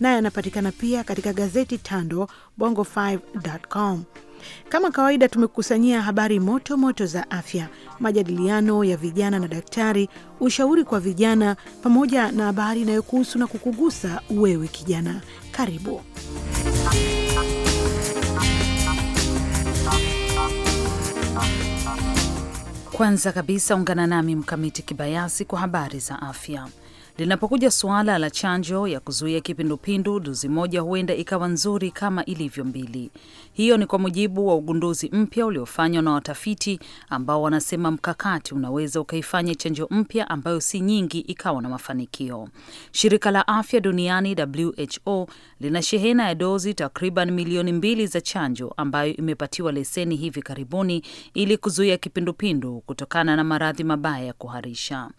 naye anapatikana pia katika gazeti Tando Bongo5.com. Kama kawaida, tumekusanyia habari moto moto za afya, majadiliano ya vijana na daktari, ushauri kwa vijana, pamoja na habari inayokuhusu na kukugusa wewe kijana. Karibu. Kwanza kabisa ungana nami Mkamiti Kibayasi kwa habari za afya. Linapokuja suala la chanjo ya kuzuia kipindupindu, dozi moja huenda ikawa nzuri kama ilivyo mbili. Hiyo ni kwa mujibu wa ugunduzi mpya uliofanywa na watafiti ambao wanasema mkakati unaweza ukaifanya chanjo mpya ambayo si nyingi ikawa na mafanikio. Shirika la afya duniani WHO lina shehena ya dozi takriban milioni mbili za chanjo ambayo imepatiwa leseni hivi karibuni ili kuzuia kipindupindu kutokana na maradhi mabaya ya kuharisha.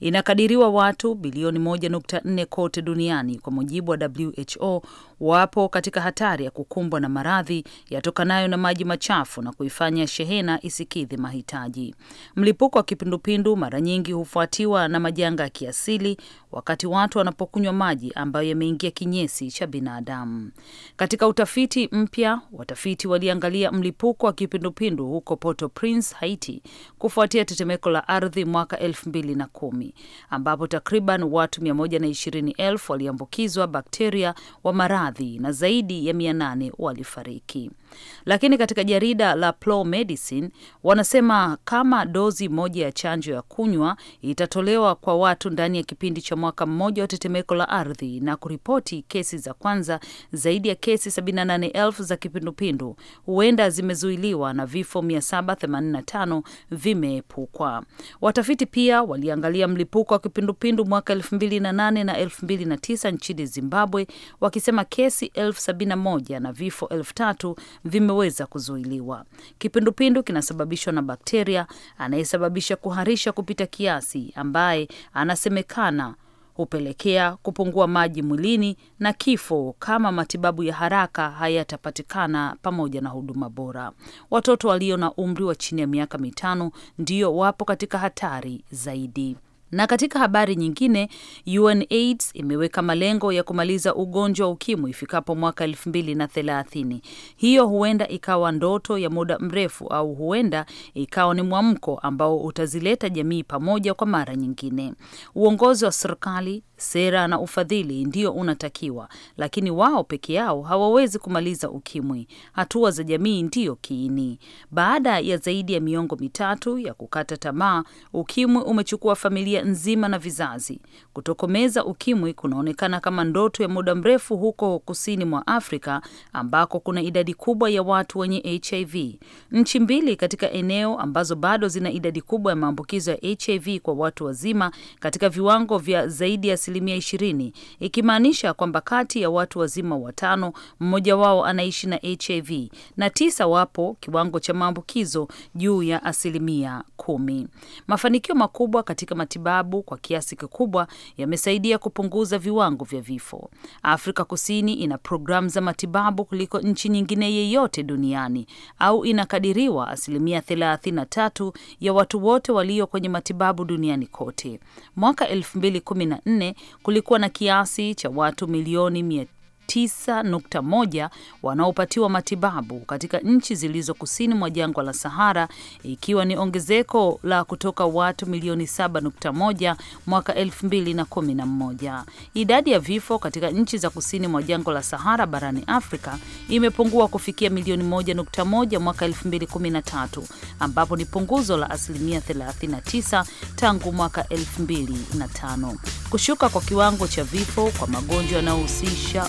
Inakadiriwa watu bilioni 1.4 kote duniani kwa mujibu wa WHO wapo katika hatari ya kukumbwa na maradhi yatokanayo na maji machafu na kuifanya shehena isikidhi mahitaji. Mlipuko wa kipindupindu mara nyingi hufuatiwa na majanga ya kiasili wakati watu wanapokunywa maji ambayo yameingia kinyesi cha binadamu. Katika utafiti mpya, watafiti waliangalia mlipuko wa kipindupindu huko Port-au-Prince, Haiti, kufuatia tetemeko la ardhi mwaka 2010 ambapo takriban watu 120,000 waliambukizwa bakteria wa maradhi baadhi na zaidi ya mia nane walifariki. Lakini katika jarida la Plow Medicine wanasema kama dozi moja ya chanjo ya kunywa itatolewa kwa watu ndani ya kipindi cha mwaka mmoja wa tetemeko la ardhi na kuripoti kesi za kwanza, zaidi ya kesi 78,000 za kipindupindu huenda zimezuiliwa na vifo 785 vimeepukwa. Watafiti pia waliangalia mlipuko wa kipindupindu mwaka 2008 na 2009 nchini Zimbabwe wakisema kesi elfu sabini na moja na vifo elfu tatu vimeweza kuzuiliwa. Kipindupindu kinasababishwa na bakteria anayesababisha kuharisha kupita kiasi, ambaye anasemekana hupelekea kupungua maji mwilini na kifo kama matibabu ya haraka hayatapatikana pamoja na huduma bora. Watoto walio na umri wa chini ya miaka mitano ndio wapo katika hatari zaidi. Na katika habari nyingine, UNAIDS imeweka malengo ya kumaliza ugonjwa wa ukimwi ifikapo mwaka elfu mbili na thelathini. Hiyo huenda ikawa ndoto ya muda mrefu au huenda ikawa ni mwamko ambao utazileta jamii pamoja kwa mara nyingine. Uongozi wa serikali Sera na ufadhili ndio unatakiwa, lakini wao peke yao hawawezi kumaliza ukimwi. Hatua za jamii ndiyo kiini. Baada ya zaidi ya miongo mitatu ya kukata tamaa, ukimwi umechukua familia nzima na vizazi. Kutokomeza ukimwi kunaonekana kama ndoto ya muda mrefu huko kusini mwa Afrika ambako kuna idadi kubwa ya watu wenye HIV. Nchi mbili katika eneo ambazo bado zina idadi kubwa ya maambukizo ya HIV kwa watu wazima katika viwango vya zaidi ya asilimia ishirini, ikimaanisha kwamba kati ya watu wazima watano mmoja wao anaishi na HIV na tisa wapo kiwango cha maambukizo juu ya asilimia kumi. Mafanikio makubwa katika matibabu kwa kiasi kikubwa yamesaidia kupunguza viwango vya vifo. Afrika Kusini ina programu za matibabu kuliko nchi nyingine yeyote duniani au inakadiriwa asilimia 33 ya watu wote walio kwenye matibabu duniani kote. Mwaka 2014 kulikuwa na kiasi cha watu milioni 9.1 wanaopatiwa matibabu katika nchi zilizo kusini mwa jangwa la Sahara, ikiwa ni ongezeko la kutoka watu milioni 7.1 mwaka 2011. Idadi ya vifo katika nchi za kusini mwa jangwa la Sahara barani Afrika imepungua kufikia milioni 1.1 mwaka 2013, ambapo ni punguzo la asilimia 39 tangu mwaka 2005. Kushuka kwa kiwango cha vifo kwa magonjwa yanayohusisha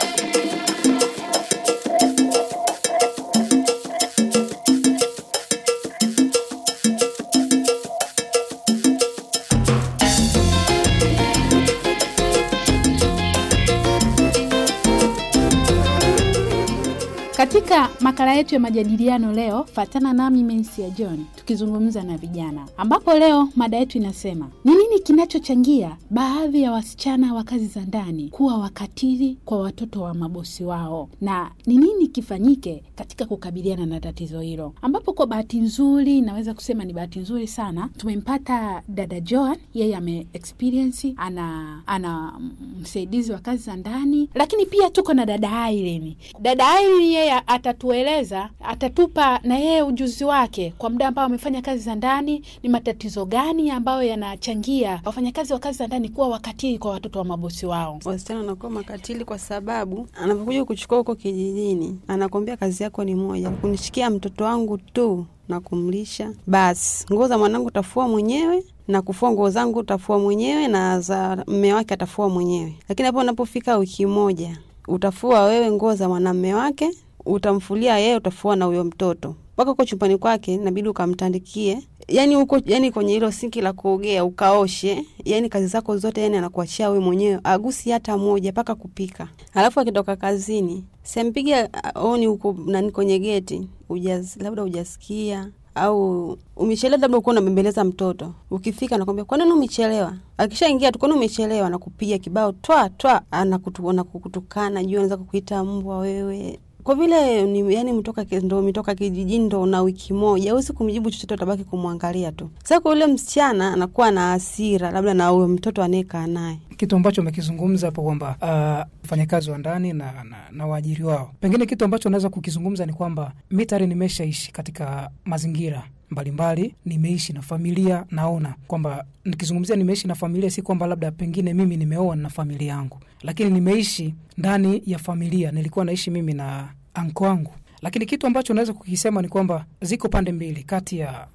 makala yetu ya majadiliano leo, fatana nami ya John tukizungumza na vijana, ambapo leo mada yetu inasema ni nini kinachochangia baadhi ya wasichana wa kazi za ndani kuwa wakatili kwa watoto wa mabosi wao na ni nini kifanyike katika kukabiliana na tatizo hilo, ambapo kwa bahati nzuri, naweza kusema ni bahati nzuri sana, tumempata dada Joan. Yeye ame experience, ana ana msaidizi wa kazi za ndani, lakini pia tuko na dada Irene. Dada Irene yeye ata atatueleza, atatupa na yeye ujuzi wake kwa muda ambao amefanya kazi za ndani, ni matatizo gani ambayo yanachangia wafanyakazi wa kazi za ndani kuwa wakatili kwa watoto wa mabosi wao. Wasichana wanakuwa makatili kwa sababu anapokuja kuchukua huko kijijini, anakuambia kazi yako ni moja, kunishikia mtoto wangu tu na kumlisha. Basi nguo za mwanangu utafua mwenyewe na kufua nguo zangu utafua mwenyewe na za mme wake atafua mwenyewe. Lakini hapo unapofika wiki moja, utafua wewe nguo za mwanamme wake utamfulia yeye, utafua na huyo mtoto mpaka uko chumbani kwake, nabidi ukamtandikie, yani uko yani kwenye hilo sinki la kuogea ukaoshe, yani kazi zako zote, yani anakuachia we mwenyewe, agusi hata moja mpaka kupika. Alafu akitoka kazini, sempiga uh, oni huko nani kwenye geti, ujaz, labda ujasikia au umechelewa, labda ukuwa unabembeleza mtoto, ukifika nakwambia kwanini umechelewa? Akishaingia tu kwani umechelewa, nakupiga kibao twa twa, anakutukana juu, anaweza kukuita mbwa wewe kwa vile ni, yani mtoka ndo mitoka kijijini ndo na wiki moja usi kumjibu chochote, utabaki kumwangalia tu. Sasa kwa yule msichana anakuwa na hasira labda na uwe mtoto anayekaa naye, kitu ambacho umekizungumza hapo kwamba ah, wafanyakazi uh, wa ndani na, na, na waajiri wao, pengine kitu ambacho unaweza kukizungumza ni kwamba mi tayari nimeshaishi katika mazingira mbalimbali, nimeishi na familia. Naona kwamba nikizungumzia nimeishi na familia, si kwamba labda pengine mimi nimeoa na familia yangu, lakini nimeishi ndani ya familia. Nilikuwa naishi mimi na anko wangu lakini kitu ambacho naweza kukisema ni kwamba ziko pande mbili kati ya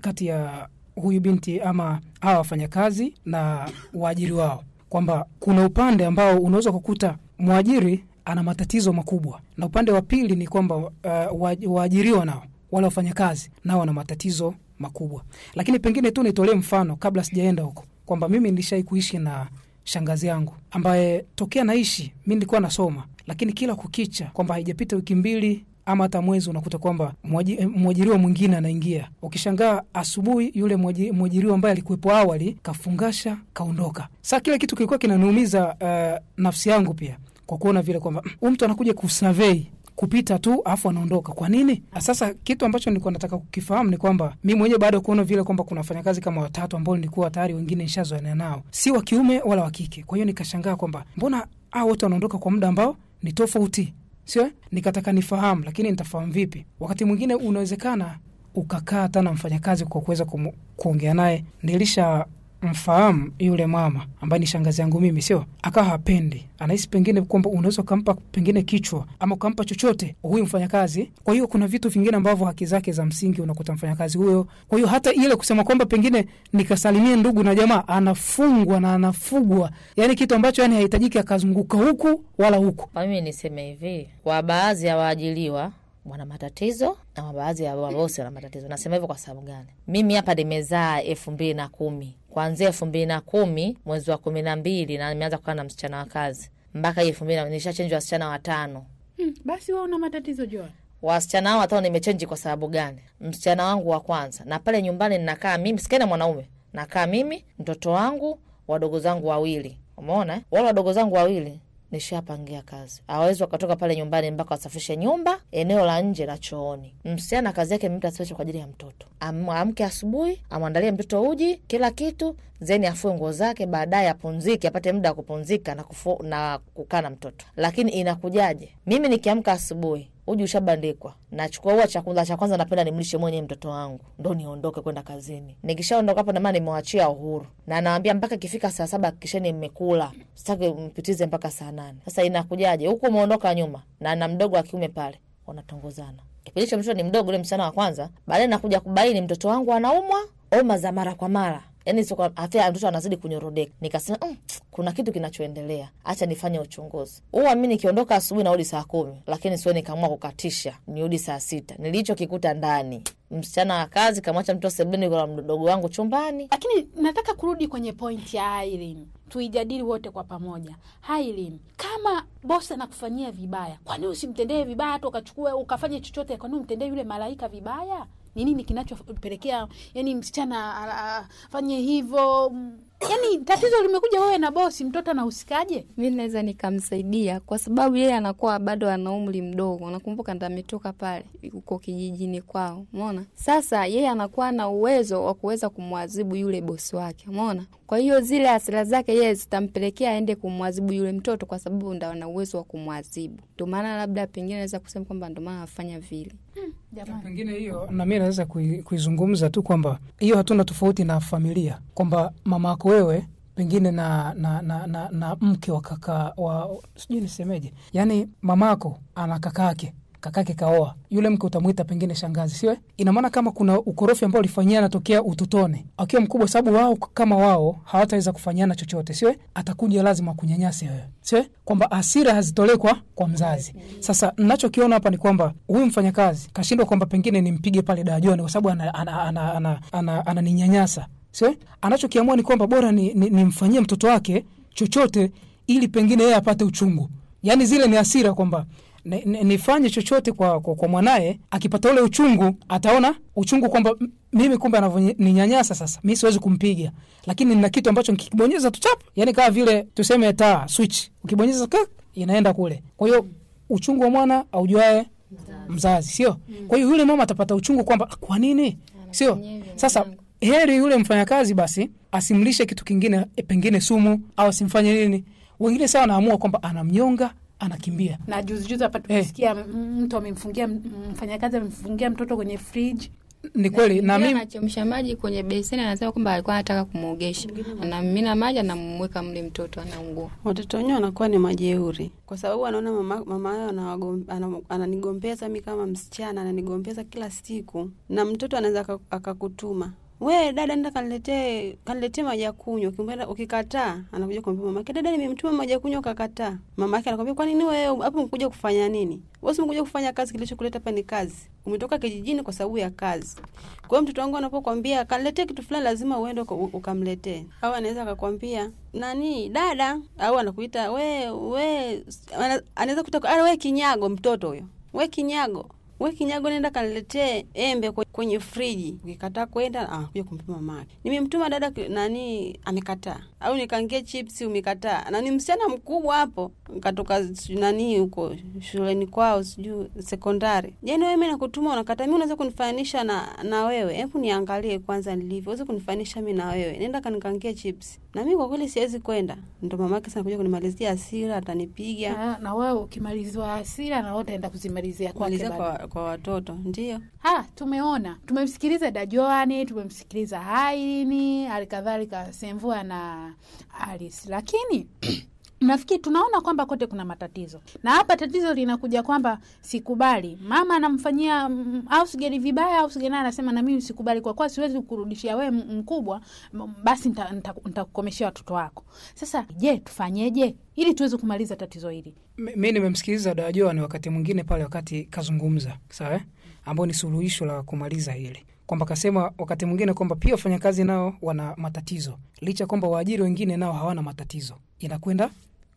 kati ya huyu binti ama hawa wafanyakazi na waajiri wao, kwamba kuna upande ambao unaweza kukuta mwajiri ana matatizo makubwa, na upande wa pili ni kwamba uh, waajiriwa nao wale wafanyakazi nao wana matatizo makubwa. Lakini pengine tu nitolee mfano kabla sijaenda huko kwamba mimi nilishai kuishi na shangazi yangu ambaye tokea naishi mi nilikuwa nasoma, lakini kila kukicha kwamba haijapita wiki mbili ama hata mwezi unakuta kwamba mwajiriwa mwingine anaingia. Ukishangaa asubuhi, yule mwajiriwa ambaye alikuwepo awali kafungasha, kaondoka. Saa kila kitu kilikuwa kinaniumiza uh, nafsi yangu pia kwa kuona vile kwamba mm, huyu mtu anakuja kusurvey kupita tu afu anaondoka. Kwa nini? Sasa kitu ambacho niko nataka kukifahamu ni kwamba mi mwenyewe baada kuona vile kwamba kuna wafanyakazi kama watatu ambao nilikuwa tayari wengine nishazoana nao, si wa kiume wala wa kike. Kwa hiyo nikashangaa kwamba mbona a wote wanaondoka kwa muda ambao ni tofauti, sio? Nikataka nifahamu, lakini nitafahamu vipi? Wakati mwingine unawezekana ukakaa hata na mfanyakazi kwa kuweza kuongea naye. Nilisha mfahamu yule mama ambaye ni shangazi yangu mimi, sio akawa hapendi, anahisi pengine kwamba unaweza ukampa pengine kichwa ama ukampa chochote huyu mfanyakazi. Kwa hiyo kuna vitu vingine ambavyo haki zake za msingi unakuta mfanyakazi huyo. Kwa hiyo hata ile kusema kwamba pengine nikasalimie ndugu na jamaa, anafungwa na anafugwa, yani kitu ambacho yani hahitajiki akazunguka huku wala huku. Mimi niseme hivi, kwa baadhi ya waajiliwa wana matatizo na baadhi ya wabosi wana matatizo. Nasema hivyo kwa sababu gani? Mimi hapa nimezaa elfu mbili na kumi kuanzia elfu mbili na kumi mwezi wa kumi na mbili na nimeanza kukaa na msichana wa kazi mpaka elfu mbili nishachenji wasichana watano. Hmm, basi wewe una matatizo Joan. Wasichana hao watano nimechenji kwa sababu gani? Msichana wangu wa kwanza, na pale nyumbani nnakaa mimi, sikaena mwanaume, nakaa mimi, mtoto wangu, wadogo zangu wawili. Umeona wale wadogo zangu wawili nishapangia kazi, awezi wakatoka pale nyumbani mpaka wasafishe nyumba, eneo la nje la chooni. Msichana kazi yake mtu asifishe kwa ajili ya mtoto, amke asubuhi, amwandalie mtoto uji, kila kitu, zeni afue nguo zake, baadaye apumzike, apate muda wa kupumzika na, na kukaa na mtoto. Lakini inakujaje? Mimi nikiamka asubuhi uji ushabandikwa, nachukua huwa chakula cha kwanza napenda nimlishe mwenye mtoto wangu, ndo niondoke kwenda kazini. Nikishaondoka hapo, namana nimewachia uhuru, na nawambia mpaka kifika saa saba kisheni mmekula, sitaki mpitize mpaka saa nane. Sasa inakujaje huku umeondoka nyuma na na mdogo wa kiume pale, wanatongozana kipindi hicho, mtoto ni mdogo ule msichana wa kwanza. Baadaye nakuja kubaini mtoto wangu anaumwa homa za mara kwa mara yani sio afya mtoto anazidi kunyorodeka. Nikasema mm, kuna kitu kinachoendelea, acha nifanye uchunguzi. Huwa mi nikiondoka asubuhi narudi saa kumi, lakini sio, nikaamua kukatisha nirudi saa sita. Nilichokikuta ndani msichana wa kazi kamwacha mtoto sebuleni kwa mdogo wangu chumbani. Lakini nataka kurudi kwenye pointi ya Aileen, tuijadili wote kwa pamoja. Aileen, kama bosi anakufanyia vibaya, kwani usimtendee vibaya hata ukachukua ukafanye chochote? Kwani umtendee yule malaika vibaya? ni nini kinachopelekea yani msichana afanye hivyo? Yani tatizo limekuja wewe na bosi, mtoto anahusikaje? Mi naweza nikamsaidia kwa sababu yeye anakuwa bado ana umri mdogo. Nakumbuka ndametoka pale huko kijijini kwao, mona Sasa yeye anakuwa na uwezo wa kuweza kumwadhibu yule bosi wake, mona Kwa hiyo zile asira zake yeye zitampelekea aende kumwadhibu yule mtoto, kwa sababu ndo ana uwezo wa kumwadhibu. ndomaana labda pengine naweza kusema kwamba ndomaana afanya vile. Hmm pengine hiyo na mi naweza kuizungumza tu kwamba hiyo hatuna tofauti na familia, kwamba mama yako wewe pengine na na, na, na na mke wa kaka wa sijui nisemeje, yaani mamako ana kaka ake kakake kaoa yule mke, utamwita pengine shangazi, sio Ina maana kama kuna ukorofi ambao ulifanyia anatokea ututone akiwa mkubwa, sababu wao kama wao hawataweza kufanyiana chochote, sio Atakuja lazima kunyanyasa wewe, sio Kwamba hasira hazitolewi kwa kwa mzazi. Sasa nachokiona hapa ni kwamba huyu mfanyakazi kashindwa kwamba pengine nimpige pale darajani kwa sababu ananinyanyasa ana, ana, ana, ana, ana siwe? Anachokiamua ni kwamba bora nimfanyie ni, ni mtoto wake chochote ili pengine yeye apate uchungu, yaani zile ni hasira kwamba nifanye chochote kwa, kwa, kwa mwanaye, akipata ule uchungu, ataona uchungu kwamba mimi kumbe anavyoninyanyasa sasa, mi siwezi kumpiga, lakini nina kitu ambacho nikibonyeza tu chap, yani kaa vile tuseme taa switch, ukibonyeza k inaenda kule. Kwa hiyo uchungu wa mwana aujuae mzazi, sio? Mm. Kwa hiyo yule mama atapata uchungu kwamba ah, kwa nini, sio? Sasa heri yule mfanyakazi basi asimlishe kitu kingine, pengine sumu au asimfanye nini. Wengine sawa, anaamua kwamba anamnyonga anakimbia. Na juzi juzi hapa eh. tulisikia hey, mtu amemfungia mfanyakazi amemfungia mtoto kwenye fridge. Ni kweli na mimi anachemsha maji kwenye beseni, anasema kwamba alikuwa anataka kumuogesha, anamimina maji, anamweka mle mtoto, anaungua. Watoto wenyewe wanakuwa ni majeuri, kwa sababu anaona mama mama yao ananigombeza mimi kama msichana, ananigombeza kila siku, na mtoto anaweza akakutuma we dada, nenda kaniletee kaniletee maji ya kunywa. ukimwenda ukikataa, anakuja kumwambia mama yake dada, nimemtuma maji ya kunywa ukakataa. yake anakwambia kwa nini wewe hapo mkuja kufanya nini? Wewe usimkuja kufanya kazi, kilichokuleta hapa ni kazi. Umetoka kijijini kwa sababu ya kazi. Kwa hiyo mtoto wangu anapokuambia kaniletee kitu fulani, lazima uende ukamletee. Au anaweza akakwambia nani dada, au anakuita we we, anaweza kuita ah, we kinyago, mtoto huyo we kinyago we kinyago, nenda kaniletee embe kwenye friji. Ukikataa kwenda, ah, kuja kumpima mama Nimemtuma dada nani, amekataa, au nikaangie chips umekataa. Na ni msichana mkubwa hapo, katoka nani huko shuleni kwao, sijui sekondari. Yaani wewe, mi nakutuma unakata mi unaweza kunifanisha na na wewe? Hebu niangalie kwanza nilivyo, uweze kunifanisha mi na wewe. Nenda kanikangie chips Na mi kwa kweli siwezi kwenda. Ndo mama mamake sana kuja kunimalizia hasira, atanipiga. Ah, na wewe ukimalizwa hasira, na wewe utaenda kuzimalizia kwake kwa kwa watoto ndio Ha, tumeona tumemsikiliza Dajoani, tumemsikiliza Haini, halikadhalika Semvua na alis lakini nafikiri tunaona kwamba kote kuna matatizo, na hapa tatizo linakuja kwamba sikubali mama anamfanyia ausgeli mm, vibaya, ausgeli naye anasema na mimi sikubali, kwa kuwa siwezi kurudishia wee mkubwa, basi nitakukomeshea watoto wako. Sasa je, tufanyeje ili tuweze kumaliza tatizo hili? mi nimemsikiliza dawajoa ni wakati mwingine pale, wakati kazungumza sawa, ambao ni suluhisho la kumaliza hili kwamba kasema wakati mwingine kwamba pia wafanyakazi nao wana matatizo, licha kwamba waajiri wengine nao hawana matatizo, inakwenda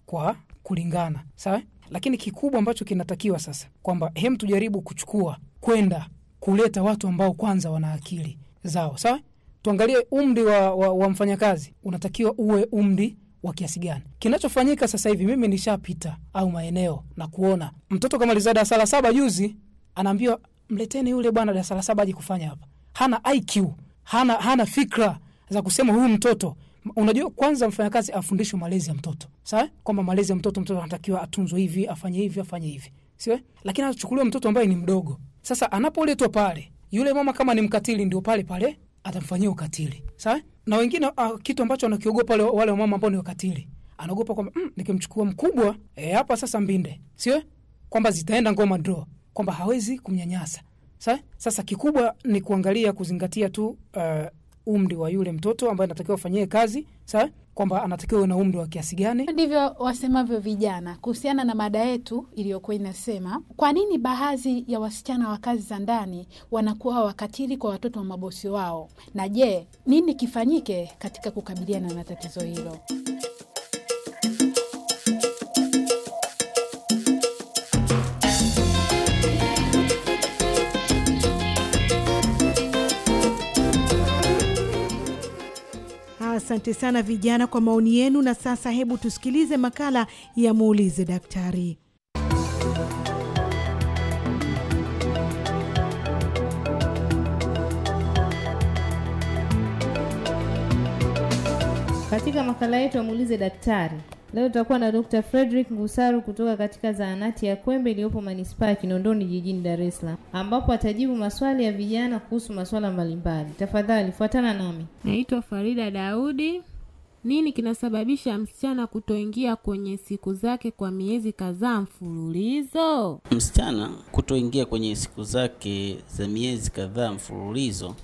kwa kulingana sawa. Lakini kikubwa ambacho kinatakiwa sasa kwamba hem, tujaribu kuchukua kwenda kuleta watu ambao kwanza wana akili zao sawa. Tuangalie umri wa, wa, wa mfanyakazi unatakiwa uwe umri wa kiasi gani. Kinachofanyika sasa hivi, mimi nishapita au maeneo na kuona mtoto kamaliza darasa la saba juzi, anaambiwa mleteni yule bwana darasa la saba aje kufanya hapa. Hana IQ, hana, hana fikra za kusema huyu mtoto Unajua, kwanza mfanyakazi afundishwe malezi ya mtoto sawa, kwamba malezi ya mtoto, mtoto anatakiwa atunzwe hivi, afanye hivi, afanye hivi, siwe. Lakini anachukuliwa mtoto ambaye ni mdogo. Sasa anapoletwa pale, yule mama kama ni mkatili, ndio pale pale atamfanyia ukatili, sawa na wengine uh, kitu ambacho wanakiogopa wale, wale mama ambao ni wakatili anaogopa kwamba mm, nikimchukua mkubwa eh, hapa e, sasa mbinde sio kwamba zitaenda ngoma draw kwamba hawezi kumnyanyasa Sa? Sasa kikubwa ni kuangalia kuzingatia tu uh, umri wa yule mtoto ambaye anatakiwa afanyie kazi sawa kwamba anatakiwa na umri wa kiasi gani. Ndivyo wasemavyo vijana kuhusiana na mada yetu iliyokuwa inasema, kwa nini baadhi ya wasichana wa kazi za ndani wanakuwa wakatili kwa watoto wa mabosi wao, na je, nini kifanyike katika kukabiliana na tatizo hilo? Asante sana vijana kwa maoni yenu. Na sasa hebu tusikilize makala ya muulize daktari. Katika makala yetu ya muulize daktari, Leo tutakuwa na Dr. Frederick Ngusaru kutoka katika zahanati ya Kwembe iliyopo manispaa ya Kinondoni jijini Dar es Salaam, ambapo atajibu maswali ya vijana kuhusu masuala mbalimbali. Tafadhali fuatana nami. Naitwa Farida Daudi. Nini kinasababisha msichana kutoingia kwenye siku zake kwa miezi kadhaa mfululizo? Msichana kutoingia kwenye siku zake za miezi kadhaa mfululizo,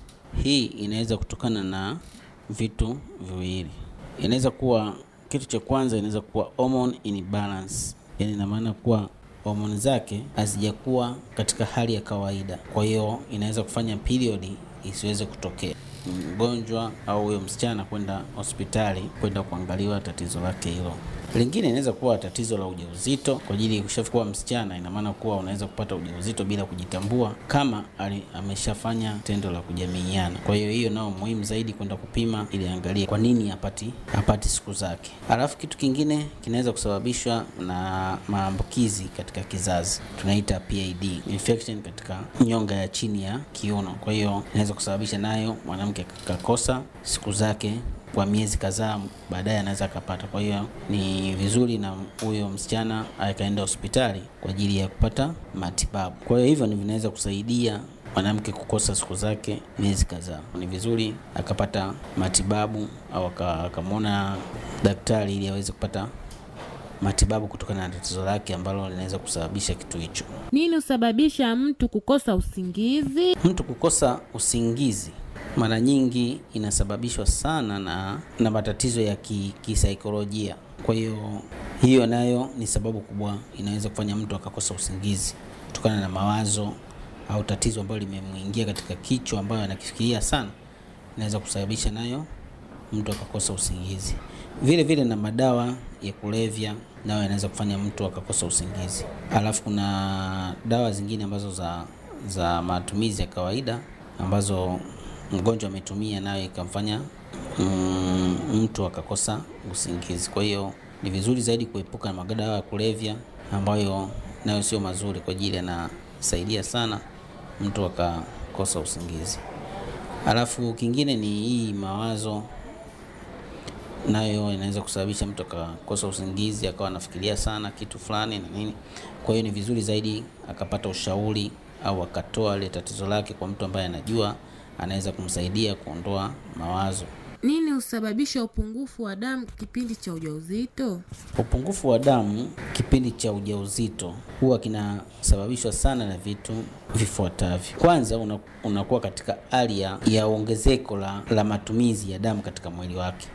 hii inaweza kutokana na vitu viwili. Inaweza kuwa kitu cha kwanza inaweza kuwa hormone balance, yani ina maana kuwa homoni zake hazijakuwa katika hali ya kawaida, kwa hiyo inaweza kufanya period isiweze kutokea. Mgonjwa au huyo msichana kwenda hospitali kwenda kuangaliwa tatizo lake hilo. Lingine inaweza kuwa tatizo la ujauzito, kwa ajili ushakuwa msichana, ina maana kuwa unaweza kupata ujauzito bila kujitambua kama ali, ameshafanya tendo la kujamiiana. Kwa hiyo hiyo nao muhimu zaidi kwenda kupima ili angalie kwa nini apati apati siku zake. Alafu kitu kingine kinaweza kusababishwa na maambukizi katika kizazi, tunaita PID infection katika nyonga ya chini ya kiuno. Kwa hiyo inaweza kusababisha nayo mwanamke akakosa siku zake kwa miezi kadhaa baadaye anaweza akapata. Kwa hiyo ni vizuri na huyo msichana akaenda hospitali kwa ajili ya kupata matibabu. Kwa hiyo hivyo ni vinaweza kusaidia mwanamke kukosa siku zake miezi kadhaa. Ni vizuri akapata matibabu au akamwona daktari ili aweze kupata matibabu kutokana na tatizo lake ambalo linaweza kusababisha kitu hicho. Nini husababisha mtu kukosa usingizi? Mtu kukosa usingizi mara nyingi inasababishwa sana na, na matatizo ya kisaikolojia ki. Kwa hiyo hiyo nayo ni sababu kubwa inaweza kufanya mtu akakosa usingizi kutokana na mawazo au tatizo ambalo limemwingia katika kichwa ambayo anakifikiria sana, inaweza kusababisha nayo mtu akakosa usingizi. Vile vile na madawa ya kulevya nayo yanaweza kufanya mtu akakosa usingizi. Alafu kuna dawa zingine ambazo za, za matumizi ya kawaida ambazo mgonjwa ametumia nayo ikamfanya mm, mtu akakosa usingizi. Kwa hiyo ni vizuri zaidi kuepuka na madawa ya kulevya ambayo nayo sio mazuri kwa ajili, yanasaidia sana mtu akakosa usingizi. Alafu kingine ni hii mawazo, nayo inaweza kusababisha mtu akakosa usingizi, akawa anafikiria sana kitu fulani na nini. Kwa hiyo ni vizuri zaidi akapata ushauri au akatoa ile tatizo lake kwa mtu ambaye anajua anaweza kumsaidia kuondoa mawazo. Nini husababisha upungufu wa damu kipindi cha ujauzito? Upungufu wa damu kipindi cha ujauzito huwa kinasababishwa sana na vitu vifuatavyo. Kwanza, unakuwa katika hali ya ongezeko la, la matumizi ya damu katika mwili wake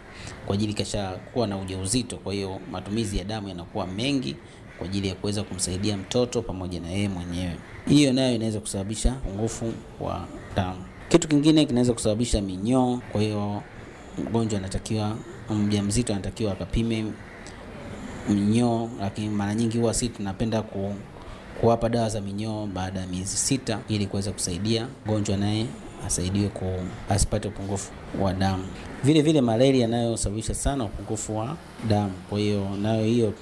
kwa ajili kisha kuwa na ujauzito, kwa hiyo matumizi ya damu yanakuwa mengi kwa ajili ya kuweza kumsaidia mtoto pamoja na yeye mwenyewe. Hiyo nayo inaweza kusababisha upungufu wa damu. Kitu kingine kinaweza kusababisha minyoo, kwa hiyo mgonjwa anatakiwa, mjamzito anatakiwa akapime minyoo, lakini mara nyingi huwa si tunapenda ku, kuwapa dawa za minyoo baada ya miezi sita ili kuweza kusaidia mgonjwa naye asaidiwe ku asipate upungufu wa damu. Vile vile malaria yanayosababisha sana upungufu wa damu, kwa hiyo nayo hiyo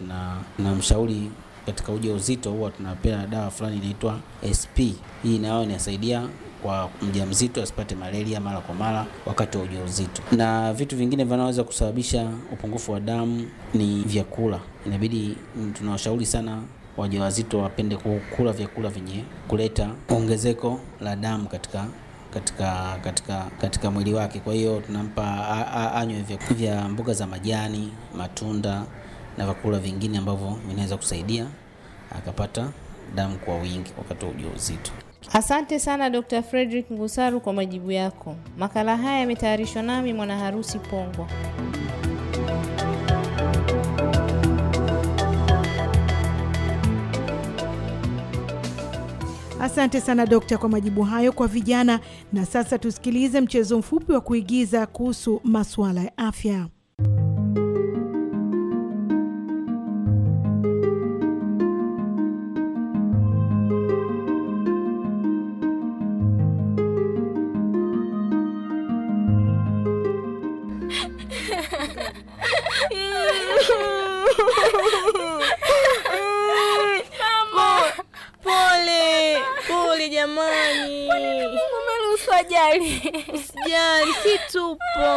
tunamshauri katika uzito huwa tunapea dawa fulani inaitwa SP. Hii nayo inasaidia kwa mjamzito asipate malaria mara kwa mara wakati wa ujauzito. Na vitu vingine vinaweza kusababisha upungufu wa damu ni vyakula. Inabidi tunawashauri sana wajawazito wapende kukula vyakula vyenye kuleta ongezeko la damu katika katika katika katika mwili wake. Kwa hiyo tunampa anywe vya mboga za majani, matunda na vyakula vingine ambavyo vinaweza kusaidia akapata damu kwa wingi wakati wa ujauzito. Asante sana Dr. Frederick Ngusaru kwa majibu yako. Makala haya yametayarishwa nami mwana harusi Pongwa. Asante sana dokta kwa majibu hayo kwa vijana. Na sasa tusikilize mchezo mfupi wa kuigiza kuhusu masuala ya afya. upo.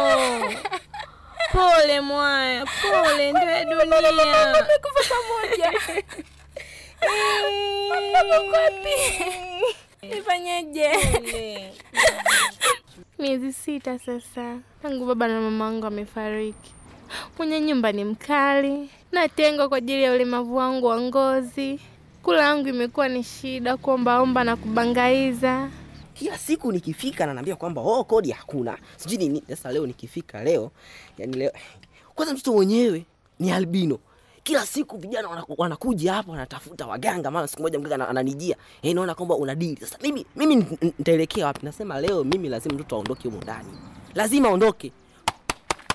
Pole mwaya, pole, ndio ya dunia. Tumekufa pamoja. Nifanyeje? Miezi sita sasa tangu baba na mama wangu wamefariki. Mwenye nyumba ni mkali, natengwa kwa ajili ya ulemavu wangu wa ngozi. Kula yangu imekuwa ni shida, kuombaomba na kubangaiza kila siku nikifika na naambia kwamba oh, kodi hakuna sijui nini. Sasa leo nikifika leo, yani leo kwanza mtoto mwenyewe ni albino kila siku vijana wanakuja hapa wanatafuta waganga, maana siku moja mganga ananijia, yeye yaani naona kwamba una deal. Sasa mimi mimi nitaelekea wapi? Nasema leo mimi lazima mtoto aondoke huko ndani, lazima aondoke.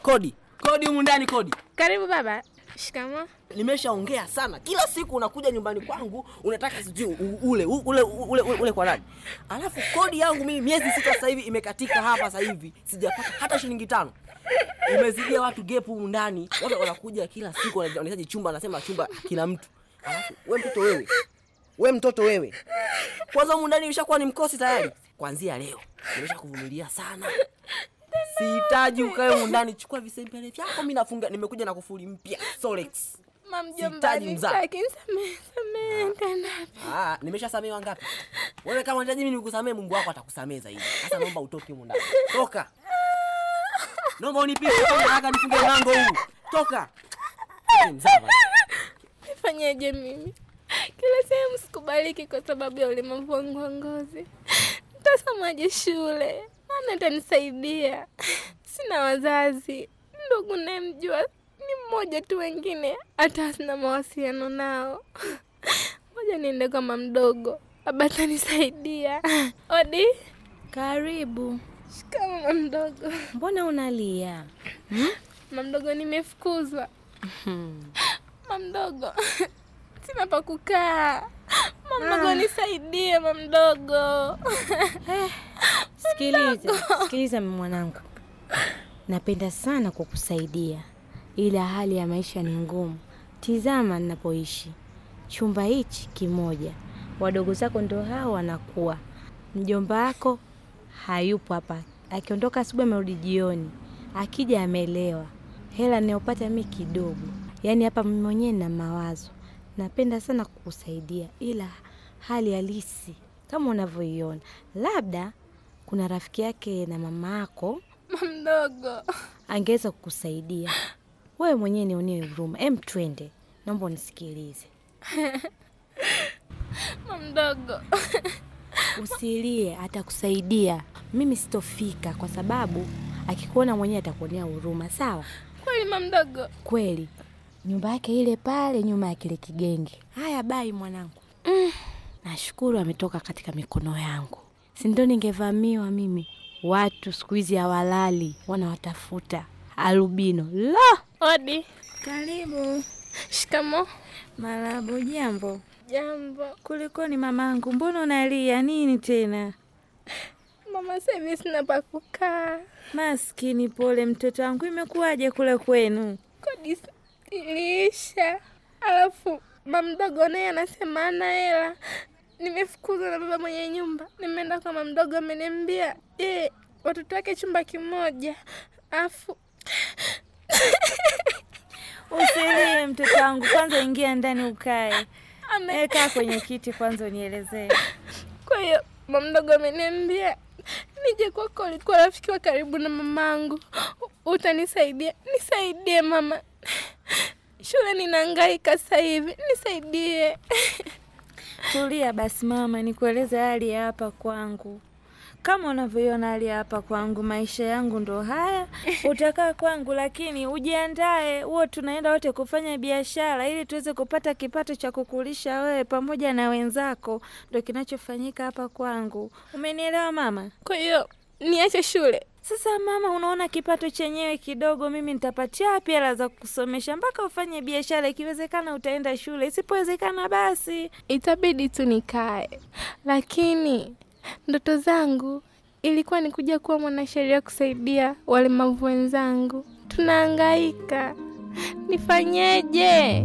Kodi kodi, huko ndani kodi. Karibu baba. Shikama. Nimeshaongea sana. Kila siku unakuja nyumbani kwangu unataka sijui ule ule ule ule kwa nani? Alafu kodi yangu mimi miezi sita sasa hivi imekatika hapa sasa hivi. Sijapata hata shilingi tano. Imezidia watu gepu ndani. Watu wanakuja kila siku wanahitaji chumba, anasema chumba kila mtu. Alafu wewe mtoto wewe. We mtoto wewe. Kwanza mundani imeshakuwa ni mkosi tayari. Kuanzia leo nimesha kuvumilia sana. Sihitaji ukae undani, chukua visempele vyako, mimi nafunga. Nimekuja na kufuli mpya Solex. Ah, nimeshasamehewa ngapi? Wewe kama unahitaji mimi nikusamehe, Mungu wako atakusamehe zaidi. Sasa naomba utoke huko ndani. Toka. Naomba unipishe kwa haraka nifunge mlango huu. Toka. Nifanyeje mimi? Kila sehemu sikubaliki kwa sababu ya ulemavu wangu wa ngozi. Nitasomaje shule? Nani atanisaidia? Sina wazazi, ndugu nayemjua ni mmoja tu, wengine hata sina mawasiliano nao. Moja niende kwa mama mdogo, baba atanisaidia. Odi, karibu. Shikamoo mama mdogo. Mbona unalia hmm? Mama mdogo, nimefukuzwa. Hmm. Mama mdogo, sina pa kukaa. Mama ah. nisaidie, mama mdogo. Sikiliza, eh, sikiliza mwanangu, napenda sana kukusaidia, ila hali ya maisha ni ngumu. Tizama ninapoishi, chumba hichi kimoja, wadogo zako ndio hao wanakuwa. Mjomba wako hayupo hapa, akiondoka asubuhi amerudi jioni, akija amelewa. Hela ninayopata mimi kidogo, yaani hapa mimi mwenyewe na mawazo napenda sana kukusaidia, ila hali halisi kama unavyoiona, labda kuna rafiki yake na mama yako mdogo angeweza kukusaidia wewe mwenyewe, nionie huruma. Em, twende, naomba unisikilize mdogo usilie, atakusaidia. Mimi sitofika kwa sababu akikuona mwenyewe atakuonea huruma. Sawa kweli, mamdogo? Kweli nyumba yake ile pale nyuma ya kile kigenge. Haya, bai mwanangu. Mm, nashukuru ametoka katika mikono yangu, si ndio ningevamiwa mimi. Watu siku hizi hawalali, wanawatafuta alubino. La, odi. Karibu. Shikamo. Marabu. Jambo. Jambo. Kulikoni mamangu, mbona unalia nini tena? Mama, sasa sina pa kukaa. Maskini, pole mtoto wangu, imekuwaje kule kwenu? Kodisa iliisha, alafu mamdogo naye anasema ana hela. Nimefukuzwa na baba mwenye nyumba, nimeenda kwa mamdogo, ameniambia e, watoto wake chumba kimoja, alafu usilie mtoto wangu, kwanza ingia ndani ukae. Ame... Eh, kaa kwenye kiti kwanza unielezee. Kwa hiyo mamdogo ameniambia nije kwako, ulikuwa rafiki wa karibu na mamangu, utanisaidia. Nisaidie mama Shule ninahangaika sasa hivi, nisaidie. Tulia basi mama, nikueleze hali ya hapa kwangu. Kama unavyoiona hali ya hapa kwangu, maisha yangu ndo haya. Utakaa kwangu, lakini ujiandae, huo tunaenda wote kufanya biashara ili tuweze kupata kipato cha kukulisha wewe pamoja na wenzako. Ndo kinachofanyika hapa kwangu, umenielewa mama? Kwa hiyo niache shule sasa mama, unaona kipato chenyewe kidogo, mimi nitapatia wapi hela za kusomesha mpaka ufanye biashara? Ikiwezekana utaenda shule, isipowezekana basi itabidi tu nikae. Lakini ndoto zangu ilikuwa ni kuja kuwa mwanasheria, kusaidia walemavu wenzangu, tunahangaika. Nifanyeje?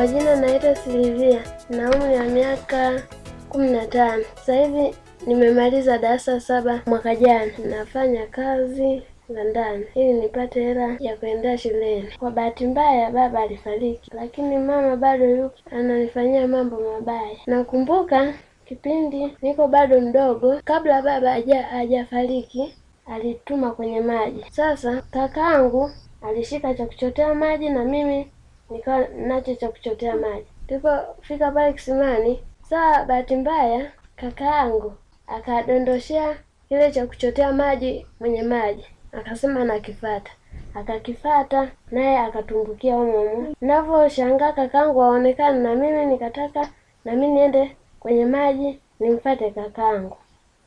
Kwa jina naitwa Silivia na umri wa miaka kumi na tano. Sasa hivi nimemaliza darasa saba mwaka jana, nafanya kazi za ndani ili nipate hela ya kuendea shuleni. Kwa bahati mbaya, baba alifariki, lakini mama bado yuko ananifanyia mambo mabaya. Nakumbuka kipindi niko bado mdogo, kabla baba hajafariki, alituma kwenye maji. Sasa kakaangu alishika cha kuchotea maji na mimi nikawa nacho cha kuchotea maji. Tulipofika pale kisimani, saa bahati mbaya kaka yangu akadondoshea kile cha kuchotea maji mwenye maji, akasema nakifata, akakifata naye akatumbukia humo. navyoshangaa kakaangu aonekana, na mimi nikataka na mimi niende kwenye maji nimfate kakaangu.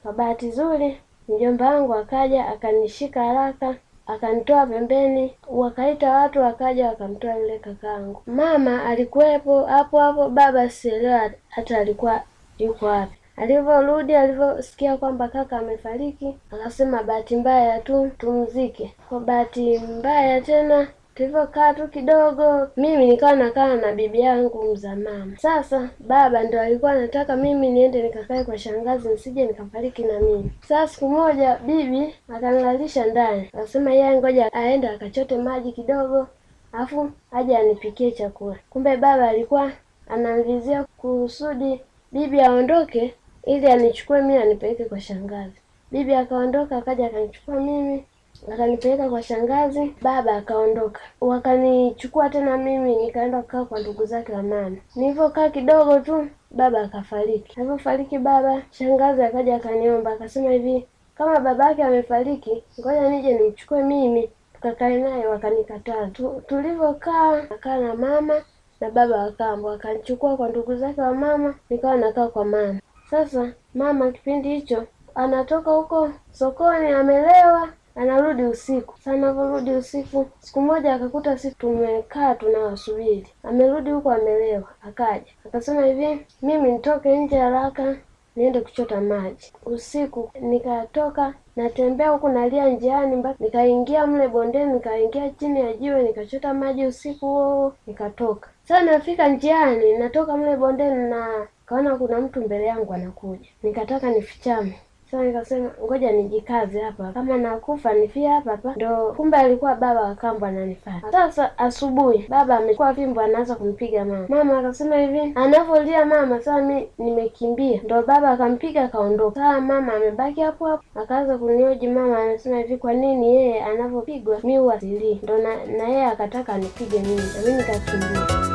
Kwa bahati nzuri mjomba wangu akaja akanishika haraka akanitoa pembeni, wakaita watu wakaja, wakamtoa yule kakaangu. Mama alikuwepo hapo hapo, baba sielewa hata alikuwa yuko wapi. Alivyorudi, alivyosikia kwamba kaka amefariki, akasema bahati mbaya tu tumzike. Kwa bahati mbaya tena Tulivyokaa tu kidogo, mimi nikawa nakaa na bibi yangu mza mama. Sasa baba ndo alikuwa anataka mimi niende nikakae kwa shangazi, nisije nikafariki na mimi. Sasa siku moja bibi akanilalisha ndani, akasema yeye ngoja aende akachote maji kidogo, afu aje anipikie chakula. Kumbe baba alikuwa anamvizia kusudi bibi aondoke ili anichukue mimi anipeleke kwa shangazi. Bibi akaondoka akaja akanichukua mimi wakanipeleka kwa shangazi, baba akaondoka, wakanichukua tena mimi nikaenda kukaa kwa ndugu zake wa mama. Nilivyokaa kidogo tu, baba akafariki. Alivyofariki baba, shangazi akaja akaniomba, akasema hivi, kama baba yake amefariki, ngoja nije nimchukue mimi, tukakae naye. Wakanikataa tu. Tulivyokaa akaa na mama na baba wakambo, akanichukua kwa ndugu zake wa mama, nikawa nakaa kwa mama. Sasa mama kipindi hicho anatoka huko sokoni amelewa anarudi usiku. Sasa anavyorudi usiku, siku moja akakuta sisi tumekaa tunawasubiri, amerudi huko amelewa, akaja akasema hivi, mimi nitoke nje haraka niende kuchota maji. Usiku nikatoka natembea huku nalia njiani, mpaka nikaingia mle bondeni, nikaingia chini ya jiwe nikachota maji usiku huo, nikatoka. Sasa nafika njiani, natoka mle bondeni na kaona kuna mtu mbele yangu anakuja, nikataka nifichame so nikasema ngoja nijikaze hapa, kama nakufa nifie hapa hapa. Ndo kumbe alikuwa baba wa kambo ananifata. Sasa asubuhi baba amekuwa fimbo, anaanza kumpiga mama. Mama akasema hivi, anavyolia mama, sasa mi nimekimbia, ndo baba akampiga akaondoka. Saa mama amebaki hapo hapo, akaanza kunioji. Mama anasema hivi, kwa nini yeye anavyopigwa mi uasilii? Ndo na yeye akataka anipige mimi, mimi nikakimbia.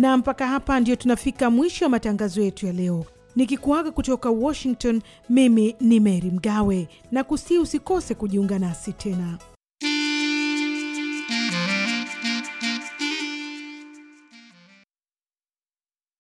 na mpaka hapa ndio tunafika mwisho wa matangazo yetu ya leo, nikikuaga kutoka Washington. Mimi ni mery Mgawe na kusii, usikose kujiunga nasi tena.